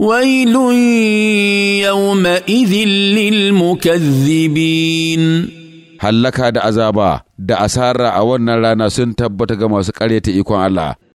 ويل يومئذ للمكذبين hallaka da azaba da asara a wannan rana sun tabbata ga masu ƙaryata ikon Allah.